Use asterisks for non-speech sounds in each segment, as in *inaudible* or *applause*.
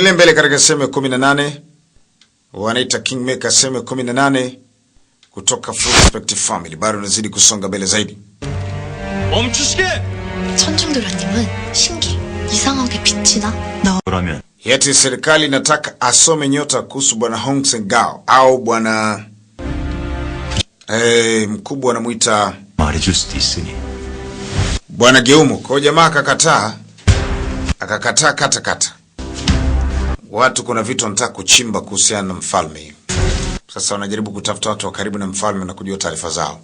Ile mbele katika sehemu ya kumi na nane wanaita Kingmaker, sehemu ya kumi na nane kutoka Full Respective Family. Bado unazidi kusonga mbele zaidi. Yeti serikali nataka asome nyota kuhusu bwana Hong Sengao au bwana eh, mkubwa anamuita bwana Geumo. Kwa jamaa akakataa, akakataa kata kata watu, kuna vitu wanataka kuchimba kuhusiana na mfalme. Sasa wanajaribu kutafuta watu wa karibu na mfalme na kujua taarifa zao.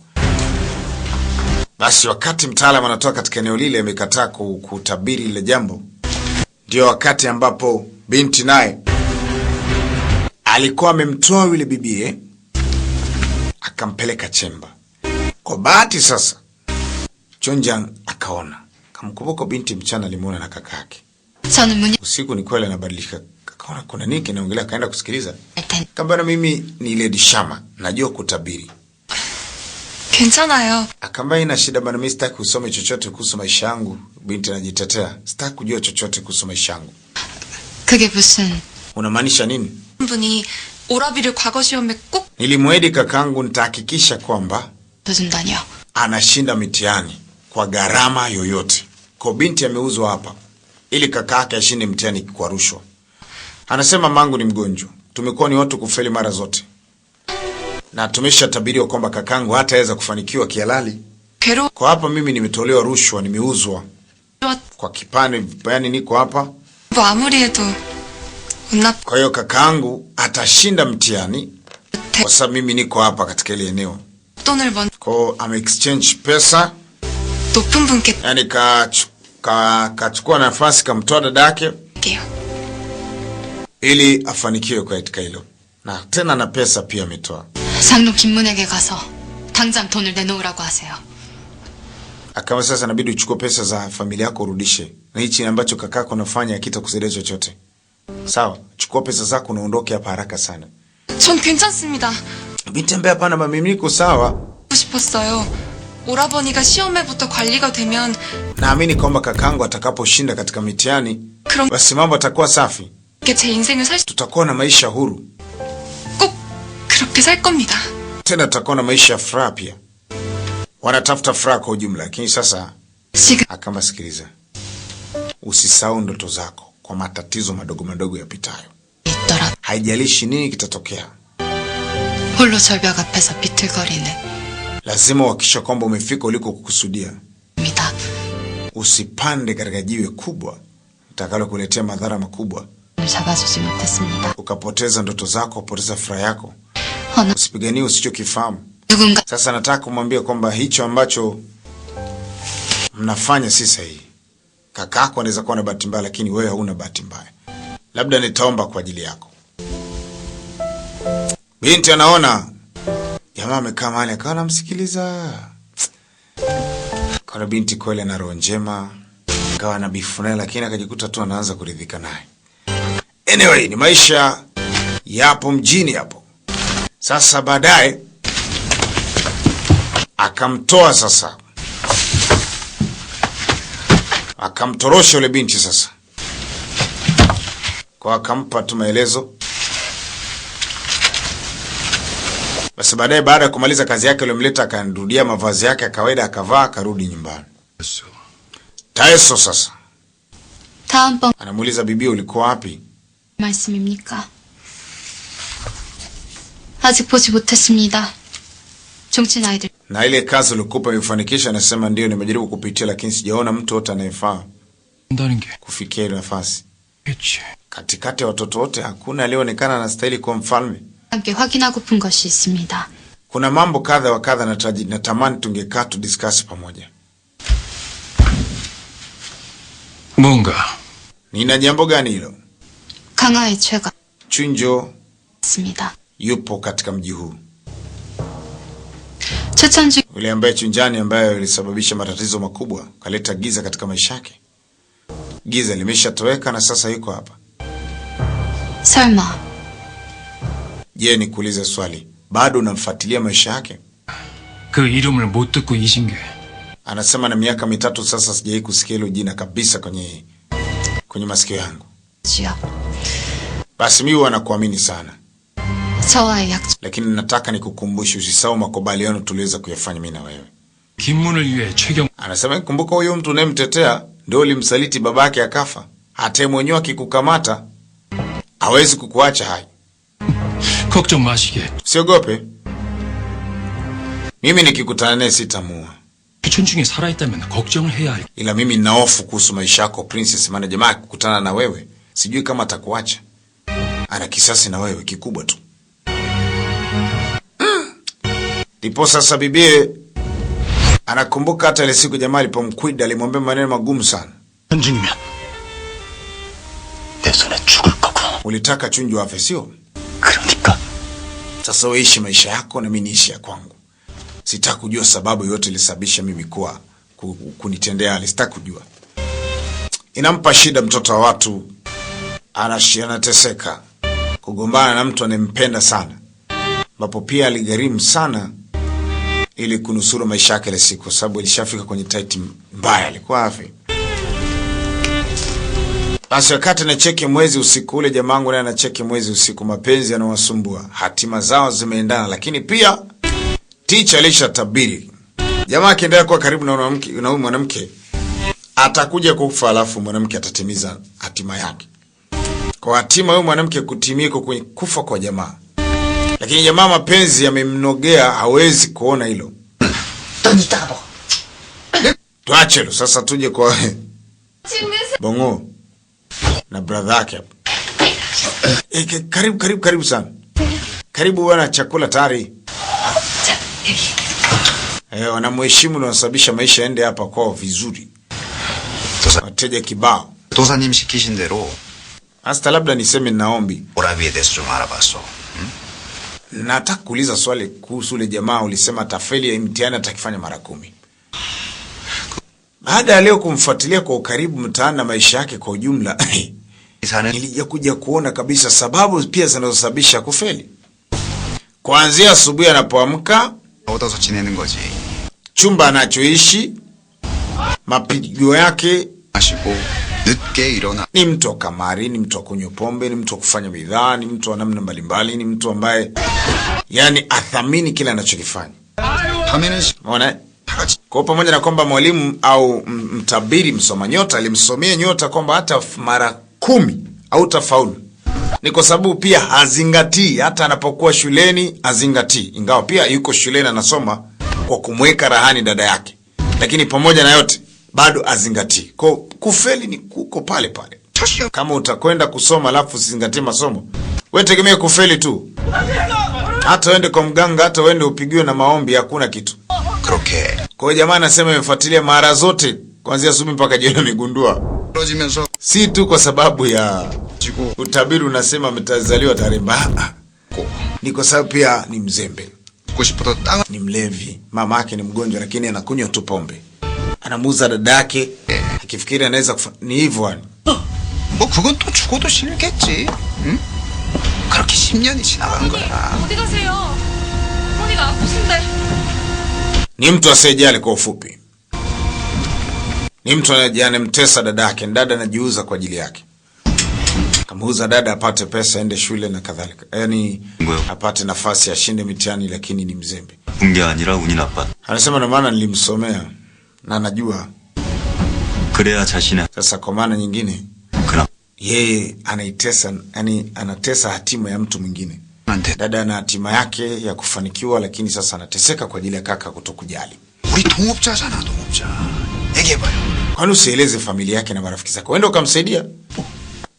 Basi wakati mtaalamu anatoka katika eneo lile, amekataa kutabiri lile jambo, ndio wakati ambapo binti naye alikuwa amemtoa yule bibie akampeleka chemba. Kwa bahati sasa, chonja akaona, kamkumbuka binti, mchana alimuona na kaka yake usiku, ni kweli anabadilika Akaona kuna nini kinaongelea, akaenda kusikiliza. Akambana, mimi ni Lady Shama, najua kutabiri. Kentsanayo. Akambana, ina shida bana, mimi sitaki kusoma chochote kuhusu maisha yangu. Binti anajitetea, sitaki kujua chochote kuhusu maisha yangu. Kage busun. Unamaanisha nini? Mbuni 오라비를 과거 시험에 꼭 Nilimwahidi kakangu nitahakikisha kwamba 도준다니요. anashinda mitihani kwa gharama yoyote. Kwa binti ameuzwa hapa ili kaka yake ashinde mtihani kwa rushwa. Anasema mangu ni mgonjwa, tumekuwa ni watu kufeli mara zote, na tumesha tabiriwa kwamba kakangu hataweza kufanikiwa kihalali. Kwa hapa mimi nimetolewa rushwa, nimeuzwa kwa kipande, yani niko hapa. Kwa hiyo kakangu atashinda mtihani kwa sababu mimi niko hapa katika ile eneo. Kwa ame exchange pesa yani, kachukua nafasi kamtoa dadake ili afanikiwe katika hilo, na tena na pesa pia ametoa. 상무 김문에게 가서 당장 돈을 내놓으라고 하세요. Akawa sasa inabidi uchukue pesa za familia yako urudishe, na hichi ambacho kakako unafanya hakitakusaidia chochote. Sawa, chukua pesa zako unaondoke hapa haraka sana. Son 괜찮습니다. Mitembea pana hapana niko sawa. 하고 싶었어요. 오라버니가 kwaliga 관리가 Naamini kwamba kakangu atakaposhinda katika mitihani, basi mambo atakuwa safi. 제 인생을 살 tutakuwa na maisha huru 꼭 그렇게 살 겁니다. tena tutakuwa na maisha ya furaha pia. Wanatafuta furaha kwa ujumla, lakini sasa 지금 akamba, ah, sikiliza, usisahau ndoto zako kwa matatizo madogo madogo yapitayo. 있더라. Haijalishi nini kitatokea, 홀로 절벽 앞에서 비틀거리는 lazima uhakikisha kwamba umefika uliko kukusudia. Usipande katika jiwe kubwa litakalokuletea madhara makubwa. 잡아주지 못했습니다. Ukapoteza ndoto zako, upoteza furaha yako. Ana. Oh, Usipiganie usichokifahamu. 누군가 Sasa nataka kumwambia kwamba hicho ambacho mnafanya si sahihi. Kakako anaweza kuwa na bahati mbaya, lakini wewe hauna bahati mbaya. Labda nitaomba kwa ajili yako. Binti anaona jamaa amekaa mahali akawa anamsikiliza. Kuna binti kweli ana roho njema, akawa anabifu naye, lakini akajikuta tu anaanza kuridhika naye. Anyway, ni maisha yapo mjini hapo. Sasa baadaye akamtoa sasa, akamtorosha yule binti sasa, kwa akampa tu maelezo basi. Baadaye baada ya kumaliza kazi yake aliyomleta, akarudia mavazi yake ya kawaida, akavaa akarudi nyumbani. Taeso sasa anamuuliza bibi, ulikuwa wapi? 말씀입니까? 아직 보지 못했습니다. 종친 아이들. Na ile kazi ulikupa imefanikisha? Anasema ndio, nimejaribu kupitia, lakini sijaona mtu wote anayefaa kufikia ile nafasi. Katikati ya watoto wote hakuna aliyeonekana anastahili kuwa mfalme. Kuna mambo kadha wa kadha nataji natamani tungekaa tu discuss pamoja. Munga. Nina jambo gani hilo? 강화의 최가 준조 맞습니다. katika mji huu 최천주 yule ambaye chunjani ambaye alisababisha matatizo makubwa, kaleta giza katika maisha yake. Giza limeshatoweka na sasa yuko hapa. 설마 Je, nikuulize swali, bado unamfuatilia maisha yake? 그 이름을 못 듣고 이신게 Anasema na miaka mitatu sasa sijawahi kusikia hilo jina kabisa kwenye kwenye masikio yangu. Sio. Basi mimi wanakuamini sana. Sawa yak. Lakini nataka nikukumbushe usisahau makubaliano tuliweza kuyafanya mimi na wewe. yeye chege. Anasema kumbuka, huyo mtu unayemtetea ndio ulimsaliti babake akafa. Hata mwenyewe akikukamata hawezi kukuacha hai. Kokto mashike. Siogope. Mimi nikikutana naye sitamua. Ila mimi nina hofu kuhusu maisha yako Princess, maana jamaa akikutana na wewe Sijui kama atakuacha, ana kisasi na wewe kikubwa tu. Mm. Ndipo sasa bibie anakumbuka hata ile siku jamaa alipomkwida alimwambia maneno magumu sana. Ulitaka Chunju afe sio? Sasa uishi maisha yako na mimi niishi ya kwangu. Sitaki kujua sababu yote ilisababisha mimi kuwa kunitendea, sitaki kujua. Inampa shida mtoto wa watu arashi anateseka kugombana na mtu anayempenda sana, ambapo pia aligharimu sana ili kunusuru maisha yake ile siku, kwa sababu ilishafika kwenye tight mbaya, alikuwa afi. Basi wakati anacheki mwezi usiku ule, jamaa wangu naye anacheki mwezi usiku, mapenzi yanawasumbua, hatima zao zimeendana, lakini pia ticha alisha tabiri jamaa akiendelea kuwa karibu na mwanamke, atakuja kufa, alafu mwanamke atatimiza hatima yake kwa hatima huyu mwanamke kutimia iko kwenye kufa kwa jamaa, lakini jamaa mapenzi yamemnogea, hawezi kuona hilo. Tuache hilo sasa, tuje kwa Bongo na brother yake hapo. E, karibu karibu karibu sana, karibu bwana, chakula tayari. Eh, wanamheshimu na wanasababisha maisha ende hapa kwao vizuri, Sasa wateja kibao. ndero. Hasta labda niseme naombi. Hmm? Nataka kuuliza swali kuhusu ule jamaa ulisema tafeli ya mtihani atakifanya mara kumi. Baada ya leo kumfuatilia kwa ukaribu mtaani na maisha yake kwa ujumla, *laughs* nilija kuja kuona kabisa sababu pia zinazosababisha kufeli. Kuanzia asubuhi anapoamka, chumba anachoishi, mapigo yake, Ashipo. Ni mtu wa kamari, ni mtu wa kunywa pombe, ni mtu wa kufanya bidhaa, ni mtu wa namna mbalimbali, ni mtu ambaye yani athamini kile anachokifanya. Unaona? Eh? Kwa pamoja na kwamba mwalimu au mtabiri msoma nyota alimsomea nyota kwamba hata mara kumi au tafaulu, ni kwa sababu pia hazingatii, hata anapokuwa shuleni hazingatii, ingawa pia yuko shuleni anasoma kwa kumweka rahani dada yake, lakini pamoja na yote bado azingatii. Kwa kufeli ni kuko pale pale. Kama utakwenda kusoma alafu usizingatie masomo, wewe tegemea kufeli tu. Hata uende kwa mganga, hata uende upigiwe na maombi, hakuna kitu. Kwa hiyo jamaa anasema amefuatilia mara zote kuanzia asubuhi mpaka jioni, amegundua si tu kwa sababu ya utabiri unasema ametazaliwa tarehe mbaya, ni kwa sababu pia ni mzembe, ni mlevi, mama yake ni mgonjwa, lakini anakunywa tu pombe anamuza dada yake akifikiri anaweza ni hivyo yani. Mo kugon to 죽어도 싫겠지. 응? 그렇게 10년이 지나간 거야. 어디 가세요? 어머니가 아프신데. Ni mtu asiyejali kwa ufupi. Ni mtu anayemtesa dada yake, dada anajiuza kwa ajili yake. Kamuuza dada apate pesa aende shule na kadhalika. Yaani apate nafasi ashinde mitihani lakini ni mzembe. Unge anira unina pat. Anasema na maana nilimsomea na najua Kurea chashina. Sasa kwa maana nyingine yeye anaitesa, yani anatesa hatima ya mtu mwingine. Dada ana hatima yake ya kufanikiwa, lakini sasa anateseka kwa ajili ya kaka kutokujali. Kwani usieleze familia yake na marafiki zake, wenda ukamsaidia.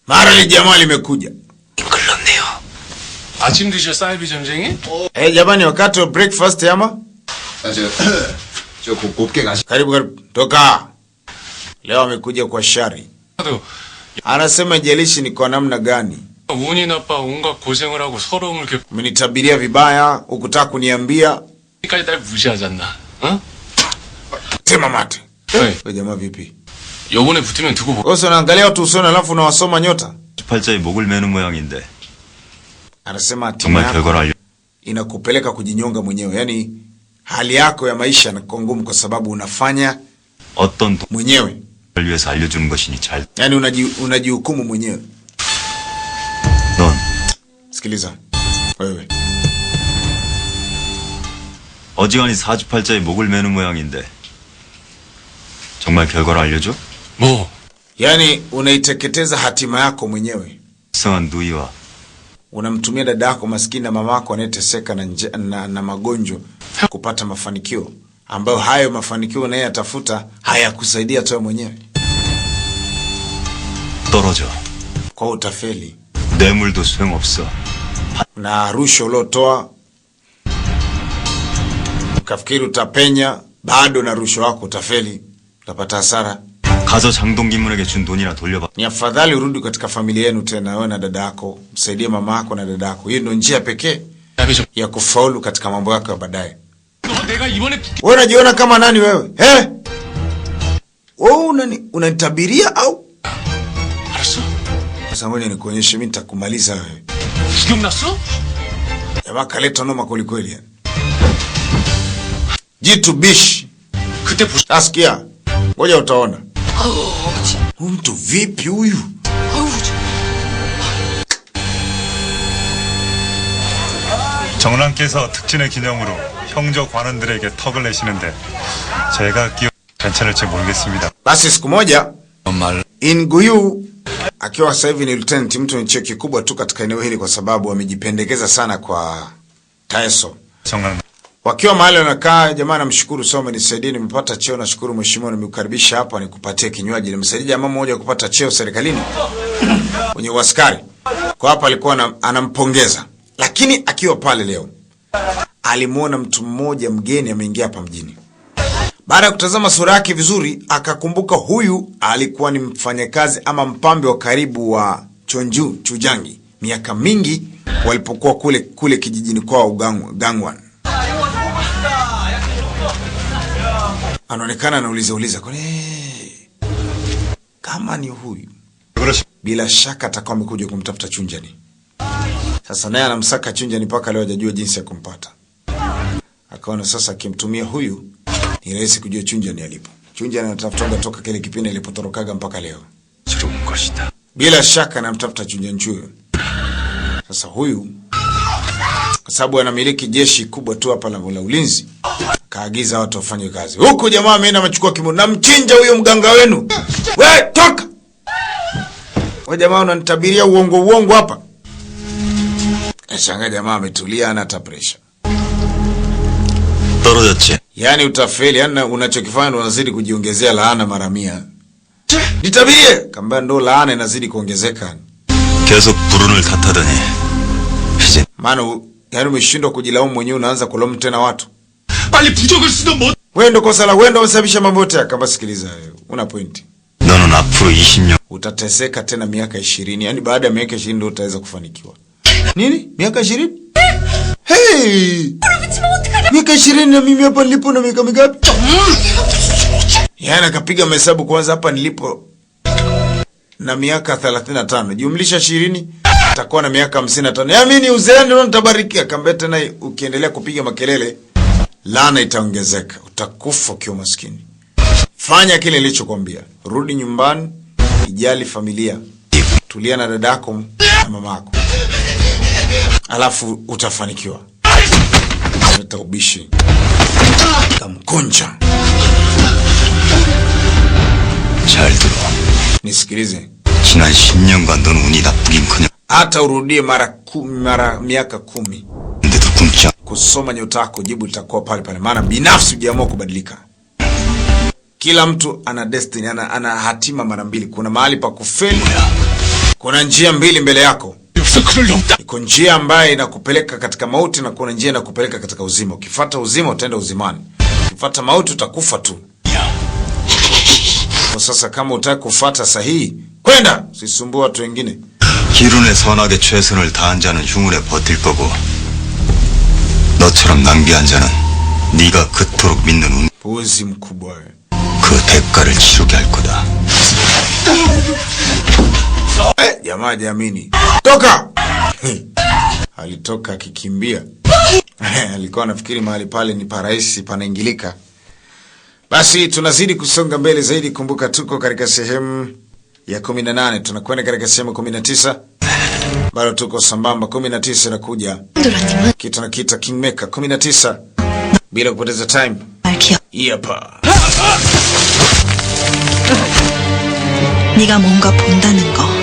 Mara ile jamaa limekuja eh, jamani, wakati wa breakfast ama sio kukuke kasi. Karibu karibu, toka leo amekuja kwa shari. Anasema jelishi ni kwa namna gani? Unin 아빠 온갖 고생을 하고 서러움을 겪. Umenitabiria vibaya, ukutaka kuniambia. Kaji 날 무시하잖아. 어? Sema mate. Wewe hey. Jamaa vipi? 요번에 붙으면 두고 Oso Wewe unaangalia watu usoni alafu unawasoma nyota. 팔자에 목을 매는 모양인데. Anasema timu yako inakupeleka kujinyonga mwenyewe. Yaani hali yako ya maisha inakuwa ngumu kwa sababu unafanya mwenyewe, yani unaji, unajihukumu mwenyewe. Sikiliza wewe, 어지간히 사주팔자에 목을 매는 모양인데 정말 결과를 알려줘? 뭐? Yani unaiteketeza hatima yako mwenyewe. 이상한 누이와 unamtumia dada yako maskini na mama yako anayeteseka na, na, na magonjwa kupata mafanikio ambayo hayo mafanikio atafuta hayakusaidia toa mwenyewe torojo kwa utafeli 뇌물도 소용없어. na rusho lotoa ukafikiri utapenya bado na rusho wako utafeli utapata hasara 가서 장동기문에게 준 돈이나 돌려받. Ni afadhali urudi katika familia yenu tena, wewe na dada yako, msaidie mama yako na dada yako. Hiyo ndio njia pekee ya kufaulu katika mambo yako ya baadaye. Wewe unajiona kama nani wewe? Eh? Wewe unani unanitabiria au? Sasa ngoja nikuonyeshe mimi nitakumaliza wewe. Jamaa kaleta noma kweli kweli. Jitu bish. Askia. Ah, ngoja utaona. Huyu mtu vipi huyu? 정랑께서 특진의 기념으로 형조 관원들에게 턱을 내시는데 제가 끼어 괜찮을지 모르겠습니다. Basi siku moja 말 Inguyu akiwa sasa hivi ni lieutenant, mtu ni cheo kikubwa tu katika eneo hili, kwa sababu amejipendekeza sana kwa Taeso. 정랑 wakiwa mahali wanakaa, jamaa namshukuru sana, nisaidie, nimepata cheo. Nashukuru mheshimiwa, nimekukaribisha hapa nikupatie kinywaji. Nimsaidie jamaa mmoja kupata cheo serikalini *coughs* kwenye uaskari, kwa hapa alikuwa anampongeza. Lakini akiwa pale leo alimuona mtu mmoja mgeni ameingia hapa mjini. Baada ya kutazama sura yake vizuri, akakumbuka huyu alikuwa ni mfanyakazi ama mpambe wa karibu wa Chonju Chujangi miaka mingi walipokuwa kule kule kijijini kwa Gangwan. anaonekana anauliza uliza, kwani eh, kama ni huyu, bila shaka atakuwa amekuja kumtafuta Chunjani. Sasa naye anamsaka Chunjani mpaka leo hajajua jinsi ya kumpata. Akaona sasa akimtumia huyu ni rahisi kujua Chunjani alipo. Chunjani anatafuta toka kile kipindi alipotorokaga mpaka leo. Bila shaka anamtafuta Chunjani huyo. Sasa huyu kwa sababu anamiliki jeshi kubwa tu hapa la ulinzi, kaagiza watu wafanye kazi huku. Jamaa ameenda amechukua kimono, namchinja huyo mganga wenu. We toka we, jamaa unanitabiria uongo uongo hapa. Shanga jamaa ametulia, ana hata pressure Yani utafeli, yani unachokifanya unazidi kujiongezea laana mara mia. Nitabie kamba ndo laana inazidi kuongezeka maana yaani umeshindwa kujilaumu mwenyewe, unaanza kulaumu tena watu. Wewe ndo kosa la wewe, ndo umesababisha mambo yote. Akamba, sikiliza, una point no, no, utateseka tena miaka ishirini. Yaani baada ya miaka ishirini ndo utaweza kufanikiwa. Nini? miaka ishirini? Hey! miaka ishirini na mimi hapa nilipo na miaka mingapi? Yaani akapiga mahesabu kwanza, hapa nilipo na miaka 35 jumlisha ishirini atakuwa na miaka 55. Yaani ni uzee ndio nitabarikia. Akamwambia tena ukiendelea kupiga makelele laana itaongezeka. Utakufa ukiwa maskini. Fanya kile nilichokwambia. Rudi nyumbani, ijali familia. Tulia na dadako na mamako. Alafu utafanikiwa. Utaubishi. Kamkunja. Nisikilize. 지난 10년간 운이 나쁘긴 커녕 hata urudie mara kumi, mara miaka kumi kusoma nyota yako, jibu litakuwa pale pale, maana binafsi hujaamua kubadilika. Kila mtu ana destiny, ana, ana hatima mara mbili. Kuna mahali pa kufeli, kuna njia mbili mbele yako. Iko njia ambayo inakupeleka katika mauti na kuna njia inakupeleka katika uzima. Ukifuata uzima utaenda uzimani, ukifuata mauti utakufa tu. Kwa sasa kama utaki kufuata sahihi, kwenda usisumbue watu wengine. 기룬의 선악에 최선을 다한 자는 흉운에 버틸 거고 너처럼 낭비한 자는 네가 그토록 믿는 운... 보심 구벌 그 대가를 치르게 할 거다. Jamadi amini, toka! Alitoka akikimbia. Alikuwa anafikiri mahali pale ni paraisi panaingilika. Basi tunazidi kusonga mbele zaidi. Kumbuka tuko katika sehemu ya 18 tunakwenda katika sehemu 19. Bado tuko sambamba, 19 inakuja kitu na kita Kingmaker 19, bila kupoteza time hapa niga 뭔가 본다는 거